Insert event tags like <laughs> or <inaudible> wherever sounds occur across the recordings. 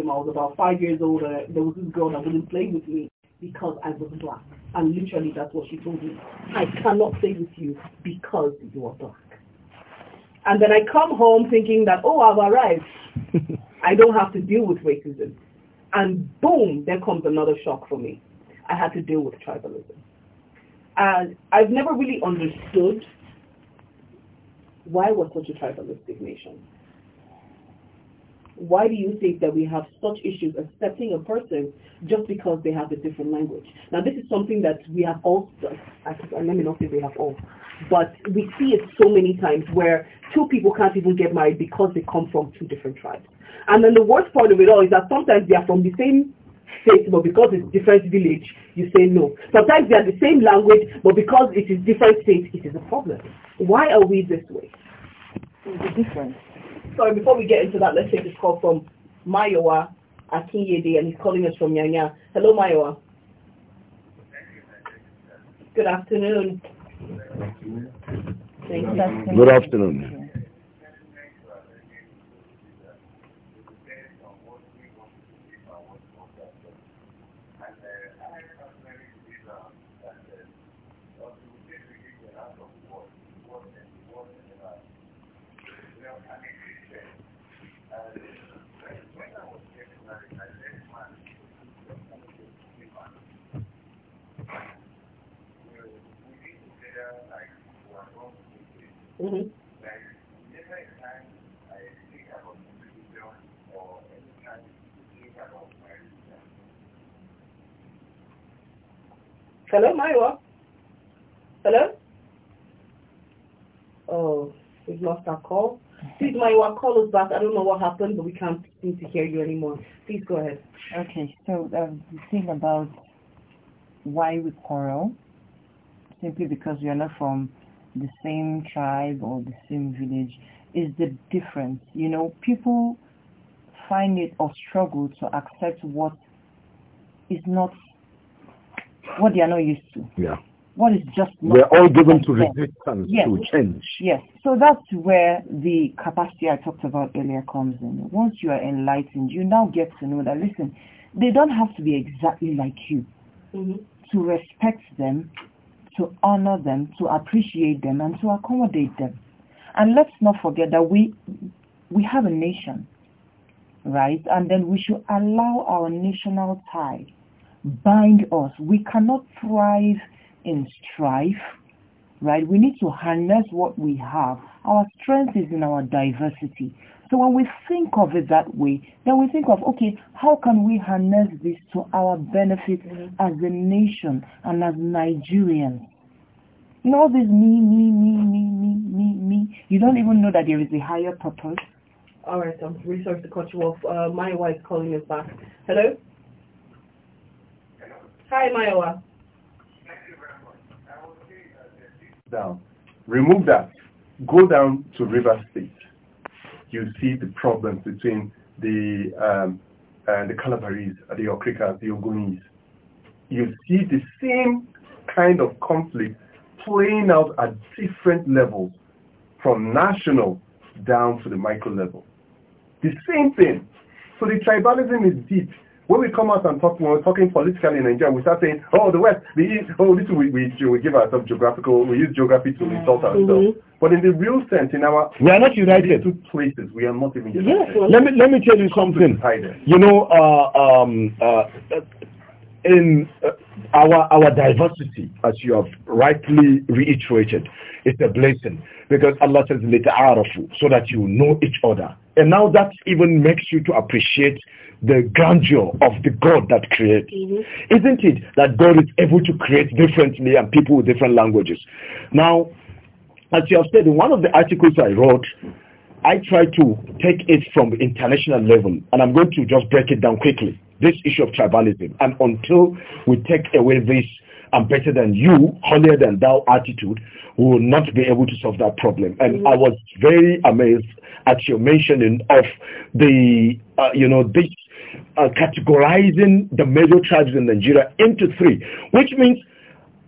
I was about five years old, there was this girl that wouldn't play with me because I was black. And literally that's what she told me. I cannot play with you because you are black. And then I come home thinking that, oh, I've arrived. <laughs> I don't have to deal with racism. And boom, there comes another shock for me. I had to deal with tribalism. And I've never really understood why we're such a tribalistic nation why do you think that we have such issues accepting a person just because they have a different language? Now, this is something that we have all, let me not say we have all, but we see it so many times where two people can't even get married because they come from two different tribes. And then the worst part of it all is that sometimes they are from the same state, but because it's different village, you say no. Sometimes they are the same language, but because it is different state, it is a problem. Why are we this way? The difference sorry, before we get into that, let's take this call from Mayowa Akinyede, and he's calling us from Nyanya. Hello, Mayowa. Good afternoon. Good afternoon. Good afternoon. Mm-hmm. Hello, Myra? Hello? Oh, we've lost our call. Please, Myra, call us back. I don't know what happened, but we can't seem to hear you anymore. Please go ahead. Okay, so um, the thing about why we quarrel, simply because we are not from the same tribe or the same village is the difference. You know, people find it or struggle to accept what is not what they are not used to. Yeah. What is just We're all given to resistance yes. to change. Yes. So that's where the capacity I talked about earlier comes in. Once you are enlightened, you now get to know that listen, they don't have to be exactly like you. Mm -hmm. To respect them to honor them, to appreciate them, and to accommodate them. And let's not forget that we we have a nation, right? And then we should allow our national tie bind us. We cannot thrive in strife, right? We need to harness what we have. Our strength is in our diversity. So when we think of it that way, then we think of, okay, how can we harness this to our benefit mm-hmm. as a nation and as Nigerians? You know, this me, me, me, me, me, me, me. You don't even know that there is a higher purpose. All right, I'm sorry to cut you off. Uh, Mayawa is calling us back. Hello? Hi, Mayawa. Down. Remove that. Go down to River State you see the problems between the um, uh, the Calabarese, uh, the Okrikans, the Ogunis. You see the same kind of conflict playing out at different levels, from national down to the micro level. The same thing. So the tribalism is deep. When we come out and talk, when we're talking politically in Nigeria, we start saying, oh, the West, the East, oh, this we, we, we give ourselves geographical, we use geography to insult ourselves. Mm -hmm. But in the real sense, in our... We are not united. Two places, we are not even united. Yes, well, let, me, let me tell you something. You know, uh, um, uh, in uh, our, our diversity, as you have rightly reiterated, it's a blessing. Because Allah says, let so that you know each other. And now that even makes you to appreciate the grandeur of the God that created. Mm-hmm. Isn't it that God is able to create differently and people with different languages? Now, as you have said in one of the articles I wrote, I try to take it from international level, and I'm going to just break it down quickly. This issue of tribalism, and until we take away this "I'm better than you, holier than thou" attitude, we will not be able to solve that problem. And mm-hmm. I was very amazed at your mentioning of the, uh, you know, this uh, categorizing the major tribes in Nigeria into three, which means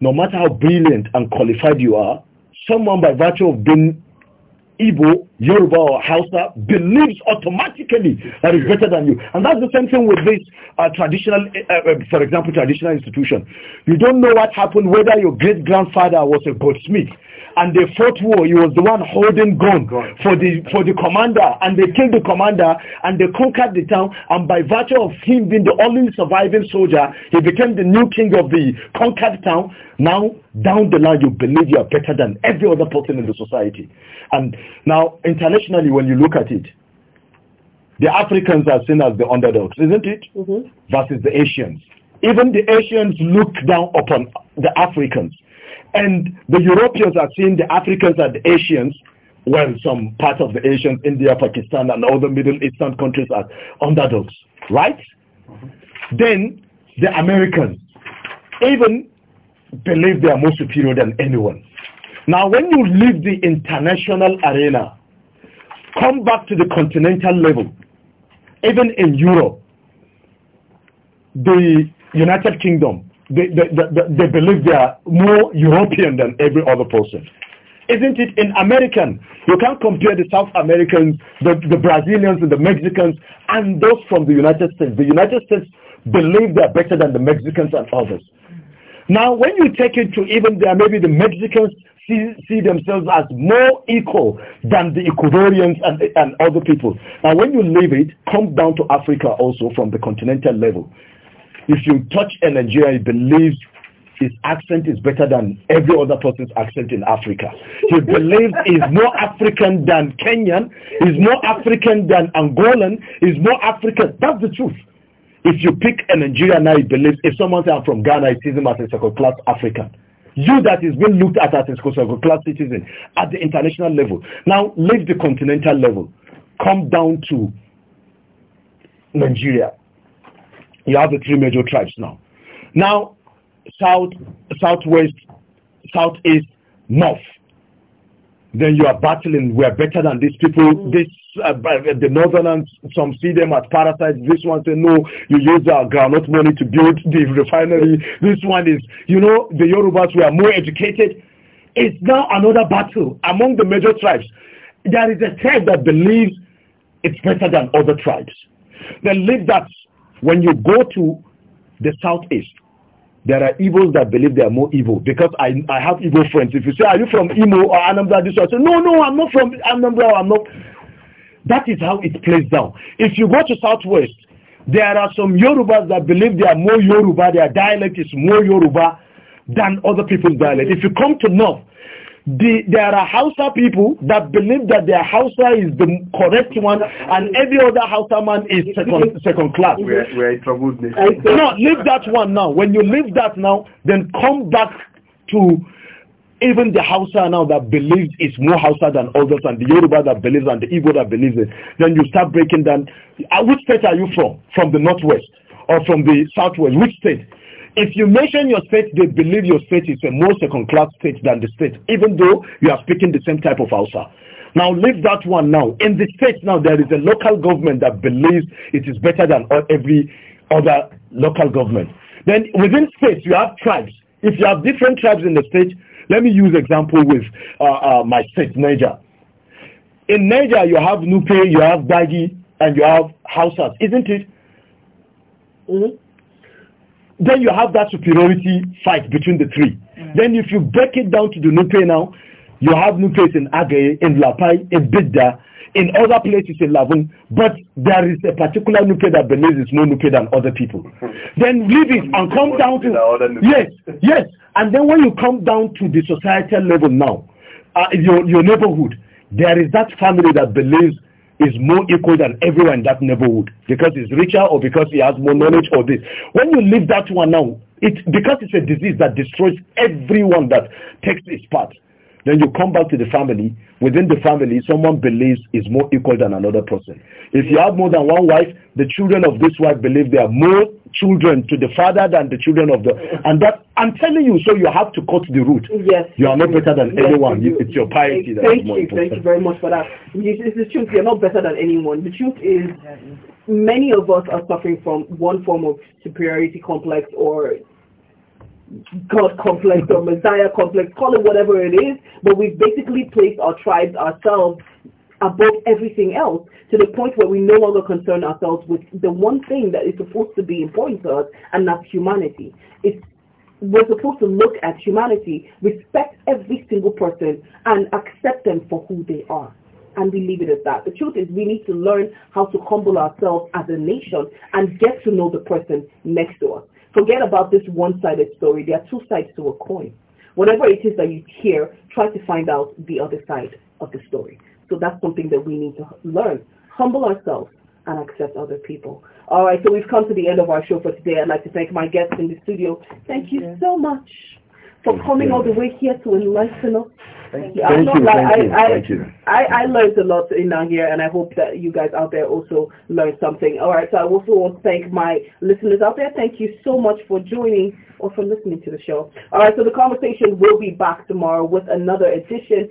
no matter how brilliant and qualified you are, someone by virtue of being Igbo Yoruba or Hausa believes automatically that is better than you. And that's the same thing with this uh, traditional, uh, uh, uh, for example, traditional institution. You don't know what happened, whether your great-grandfather was a goldsmith and they fought war. He was the one holding gun for the, for the commander and they killed the commander and they conquered the town and by virtue of him being the only surviving soldier, he became the new king of the conquered town. Now, down the line, you believe you are better than every other person in the society. And now, internationally, when you look at it, the Africans are seen as the underdogs, isn't it? Mm -hmm. Versus the Asians. Even the Asians look down upon the Africans. And the Europeans are seeing the Africans and the Asians, well, some parts of the Asians, India, Pakistan, and other Middle Eastern countries are underdogs, right? Mm -hmm. Then the Americans even believe they are more superior than anyone. Now, when you leave the international arena, come back to the continental level, even in Europe, the United Kingdom, they, they, they, they believe they are more European than every other person. Isn't it in American? You can't compare the South Americans, the, the Brazilians and the Mexicans and those from the United States. The United States believe they're better than the Mexicans and others. Now, when you take it to even there, maybe the Mexicans see, see themselves as more equal than the Ecuadorians and, and other people. Now, when you leave it, come down to Africa also from the continental level. If you touch a Nigerian, he believes his accent is better than every other person's accent in Africa. He <laughs> believes he's more African than Kenyan, he's more African than Angolan, he's more African. That's the truth. If you pick a Nigerian now, he believes, if someone says I'm from Ghana, he sees him as a second-class African. You that is being looked at as a class citizen at the international level. Now leave the continental level. Come down to Nigeria. You have the three major tribes now. Now, south, southwest, southeast, north then you are battling. We are better than these people. Mm. This uh, the northerners, some see them as parasites. This one say no, you use our groundnut money to build <laughs> the refinery. This one is, you know, the Yorubas were more educated. It's now another battle among the major tribes. There is a tribe that believes it's better than other tribes. They live that when you go to the southeast, there are evils that believe they are more evil because I, I have evil friends. If you say, are you from Imo or Anambra? This I say, no, no, I'm not from Anambra. I'm not. That is how it plays down. If you go to Southwest, there are some Yorubas that believe they are more Yoruba, their dialect is more Yoruba than other people's dialect. If you come to North, the, there are Hausa people that believe that their Hausa is the correct one and every other Hausa man is second, second class. We're, we're in trouble. No, leave that one now. When you leave that now, then come back to even the Hausa now that believes it's more Hausa than others and the Yoruba that believes and the Igbo that believes it. Then you start breaking down. Uh, which state are you from? From the Northwest or from the Southwest? Which state? If you mention your state, they believe your state is a more second-class state than the state, even though you are speaking the same type of Hausa. Now leave that one now. In the state now, there is a local government that believes it is better than every other local government. Then within states, you have tribes. If you have different tribes in the state, let me use example with uh, uh, my state, Niger. In Niger, you have Nupe, you have Bagi, and you have Hausas, isn't it? Mm -hmm then you have that superiority fight between the three. Mm. Then if you break it down to the Nupe now, you have Nupes in Agay, in Lapai, in Bidda, in other places in Lavung, but there is a particular Nupe that believes it's more Nupe than other people. <laughs> then leave it and come down to... Yes, <laughs> yes. And then when you come down to the societal level now, uh, your, your neighborhood, there is that family that believes is more equal than everyone in that neighborhood because he's richer or because he has more knowledge or this. When you leave that one now, it because it's a disease that destroys everyone that takes its part. Then you come back to the family. Within the family, someone believes is more equal than another person. If you have more than one wife, the children of this wife believe they are more children to the father than the children of the and that I'm telling you, so you have to cut the root. Yes. You are not better than yes, anyone. You, it's your piety Thank more you, important. Thank you very much for that. It's, the truth. You're not better than anyone. The truth is many of us are suffering from one form of superiority complex or God complex or Messiah complex, call it whatever it is, but we've basically placed our tribes, ourselves, above everything else to the point where we no longer concern ourselves with the one thing that is supposed to be important to us, and that's humanity. It's we're supposed to look at humanity, respect every single person, and accept them for who they are. And we leave it at that. The truth is we need to learn how to humble ourselves as a nation and get to know the person next to us. Forget about this one-sided story. There are two sides to a coin. Whatever it is that you hear, try to find out the other side of the story. So that's something that we need to learn. Humble ourselves and accept other people. All right, so we've come to the end of our show for today. I'd like to thank my guests in the studio. Thank you so much for coming all the way here to enlighten us. Thank you. I, I, learned a lot in here, and I hope that you guys out there also learned something. All right, so I also want to thank my listeners out there. Thank you so much for joining or for listening to the show. All right, so the conversation will be back tomorrow with another edition